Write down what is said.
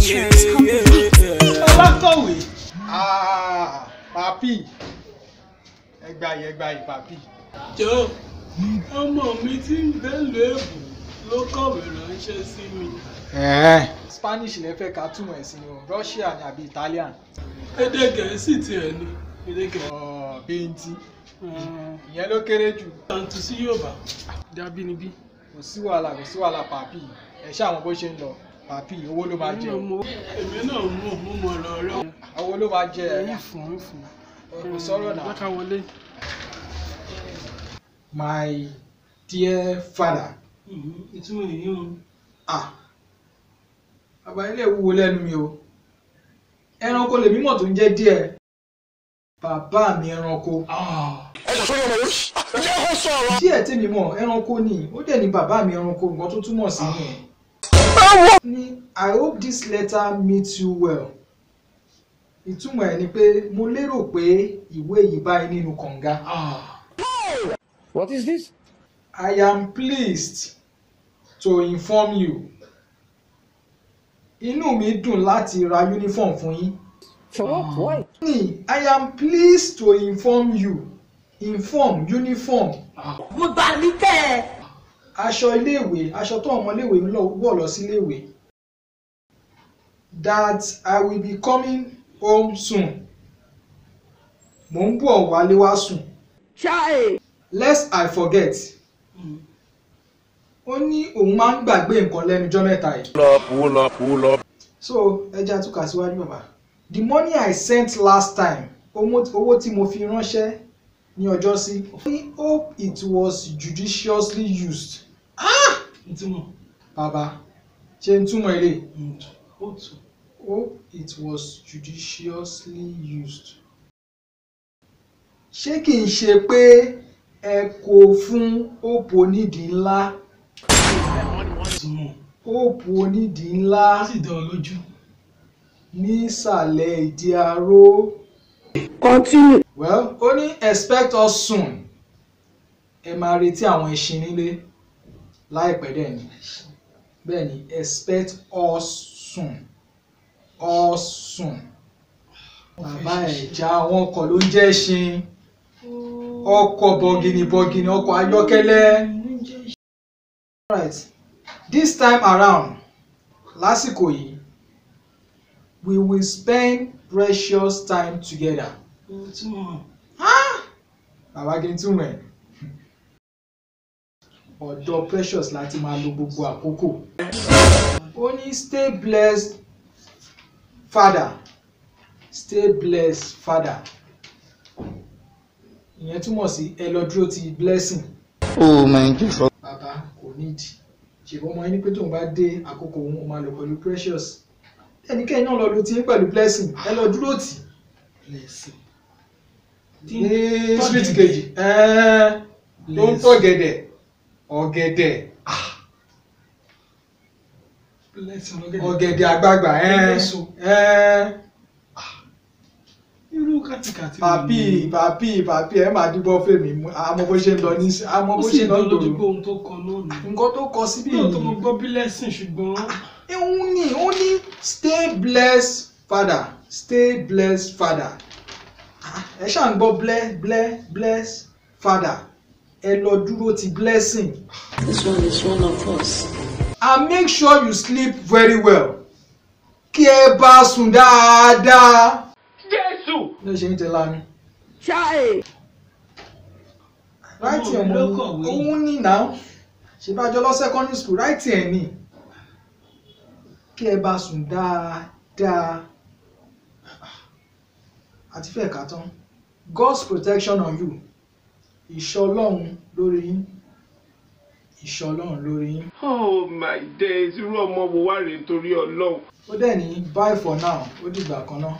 features on the beat. ọlákọ̀wé ah, pàpì ẹgbàáyé ẹgbàáyé pàpì. jọ ọmọ mi tí ń bẹ lọ èbù ló kọ̀wé ránṣẹ́ sí mi. spanish lè fẹ́ ká túmọ̀ ẹ̀ sí ni o russia ni àbí italian. èdè gẹ̀ẹ́sì tiẹ̀ ni èdè gẹ̀ẹ́sì. ọ̀ bẹ́ntì ìyẹn ló kéré jù. tàǹtù sí yorùbá dábìnibí. kò sí wàhálà kò sí wàhálà pàpì ẹ̀ ṣáà mọ̀ bó ṣe ń lọ papi owó ló máa jẹ o. èmi náà mú mú mọ lọ rẹ. owó ló máa jẹ ẹ. ìfún ìfún. náà. my dear father. Mm-hmm. ìtumọ̀ èyí o. ah bàbá ilé ìwúwo lẹ́nu mi o ẹranko lèmi mọ̀ tó ń jẹ́ díẹ̀ bàbá mi ẹranko. Ah. ẹ sọ sọ́yìn ọmọ yìí jẹ́ kó sọ̀rọ̀. díẹ̀ tèmi mọ̀ ẹranko ni ó dẹ̀ ní bàbá mi ẹranko nǹkan tó túmọ̀ sí nìyẹn báwo. ní i hope this letter meets you well ìtumọ̀ ẹ̀ ni pé mo lérò pé ìwé yìí bá ẹ nínú kànga. what is this. i am pleased to inform you inú mi dùn láti ra uniform fún yín. for what ah. why. i am pleased to inform you inform uniform. mo bá mi kẹ́ ẹ aṣọ iléèwé aṣọ tó ọmọ iléèwé ń lọ wọ̀ lọ sí iléèwé that I will be coming home soon mò ń bọ̀ wálé wá sùn lest I forget hmm. ó ní òun máa ń gbàgbé nǹkan lẹ́nu ọjọ́ mẹ́ta yìí. pull up pull up pull up. so ẹja tún kà síwájú bàbá the money I sent last time owó tí mo fi ránṣẹ́ ní ọjọ́ sí. ó hope it was judiciously used ìtumọ̀. bàbá ṣe ń túmọ̀ eré. oh it was judiciously used. ṣé kì í ṣe pé ẹ kò fún òpó nídìí ńlá. òpó nídìí ńlá. ó sì dán ọ lójú. nísàlẹ̀ ìdí aró. continue. well ó ní expect us soon ẹ máa retí àwọn ẹṣin nílé láìpẹ́ dẹ̀ ni bẹ́ẹ̀ ni expect us soon us soon bàbá ẹ̀já wọn kọ̀ ló ń jẹ́ ṣin ọkọ̀ bọ̀gìnì bọ̀gìnì ọkọ̀ ayọ́kẹ́lẹ́ right this time around lásìkò yìí we will spend precious time together. bàbá kí n túmọ̀ ẹ̀ ọ̀dọ̀ Precious láti máa lo gbogbo àkókò. ó ní stay blessed father stay blessed father ìyẹn túmọ̀ sí ẹ lọ dúró ti blessing. oh my god. bàbá kò nídìí ṣèbọn ọmọ yín ní pé tóun bá dé àkókò òun ó máa lò pẹ̀lú Precious ẹnikẹ́ni náà lọ lu ti pẹ̀lú blessing ẹ lọ dúró tì. ní street kejì tó ń tọ̀gẹ̀dẹ̀. Ah. ọ̀gẹ̀dẹ̀ ọ̀gẹ̀dẹ̀ àgbagbà ah. irú kàtìkàtì rẹ pàpì pàpì pàpì ẹ máa dúbọ fèmí àmọ́ bó ṣe ń lọ ní àmọ́ bó ṣe ń lọ ní dòdò ohun tó kọ lónìí nǹkan tó kọ síbí yìí tó mo gbọ́ bílẹ̀sìn ṣùgbọ́n. òun ni òun ni stay blessed father stay blessed father ah, ẹ ṣáà ń gbọ́ bless bless bless father ẹ lọ dúró ti blessing. this one is one of us. and make sure you sleep very well kí ẹ bá sùn dáadáa. jésù. ní ṣe ń tẹ lánàá. ṣáì. ráìtì ẹ̀ ló òun ní náà ṣe bá jọ secondary school ráìtì ẹ̀ ní kí ẹ bá sùn dáadáa àti fẹ́ẹ̀ ká tán God's protection on you ìṣọ́ ọlọ́run lórí yín ìṣọ́ ọlọ́run lórí yín. oh my days irú ọmọ wo wá rèé torí ọlọ́run. ó dẹ̀ ní bye for now ó dìgbà kan náà.